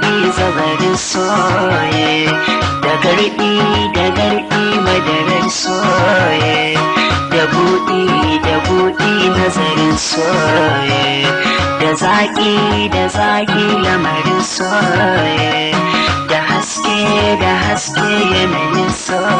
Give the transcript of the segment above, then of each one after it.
daɗi soye da garɗi da garɗi madarar soye da buɗi da buɗi nazarin soye da zaƙi da zaƙi lamarin soye da haske da haske yanayin soye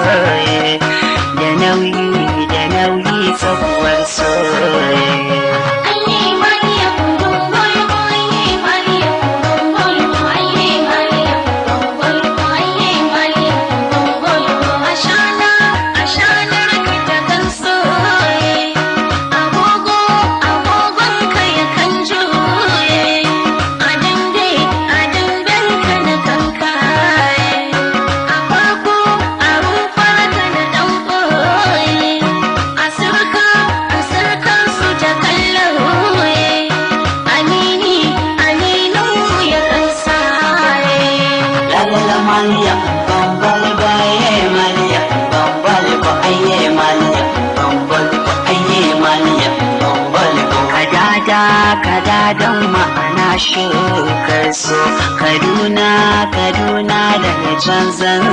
manja bambal baye manja bambal ko aye manja bambal ko aye manja bambal ba. kadada kadadan ma'ana shukar so kaduna kaduna da can zan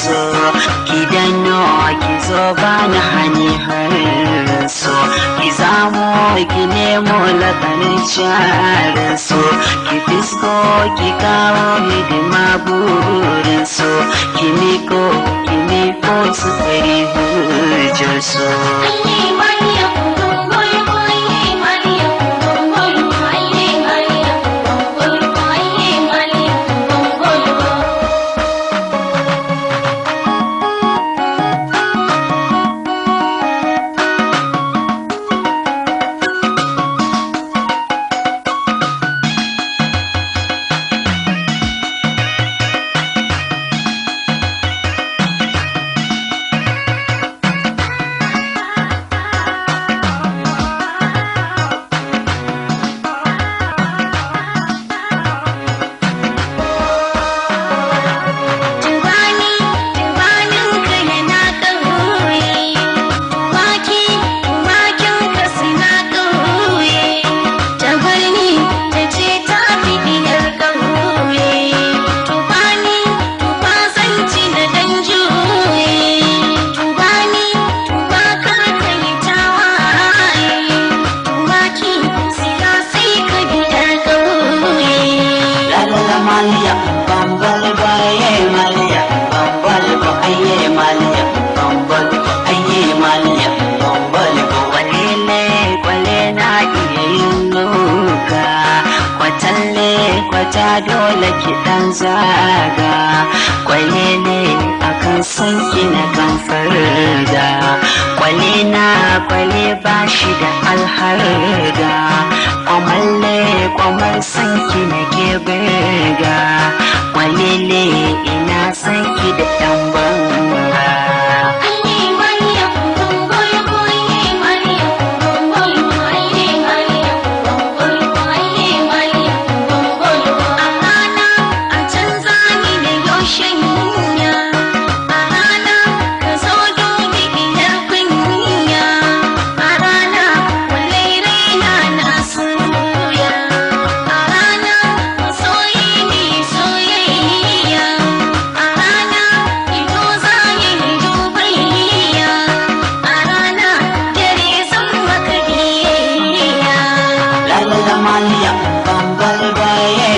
so gidan ki zo na hani har so ki zamo ki nemo lakanin jarin so ki fisko ki kawo hidima buru जसो किनेको किनेको छुट्टै जसो muna maliya bambal baye maliya bambal ko aye maliya bambal aye maliya bambal ko kwale na iya yin kwatalle kwata dole ki dan zaga kwale ne akan san kina kan farda kwale na kwale ba shi da alharga kwamalle kwamar sanki na ke birga Amalia, Bumblebee.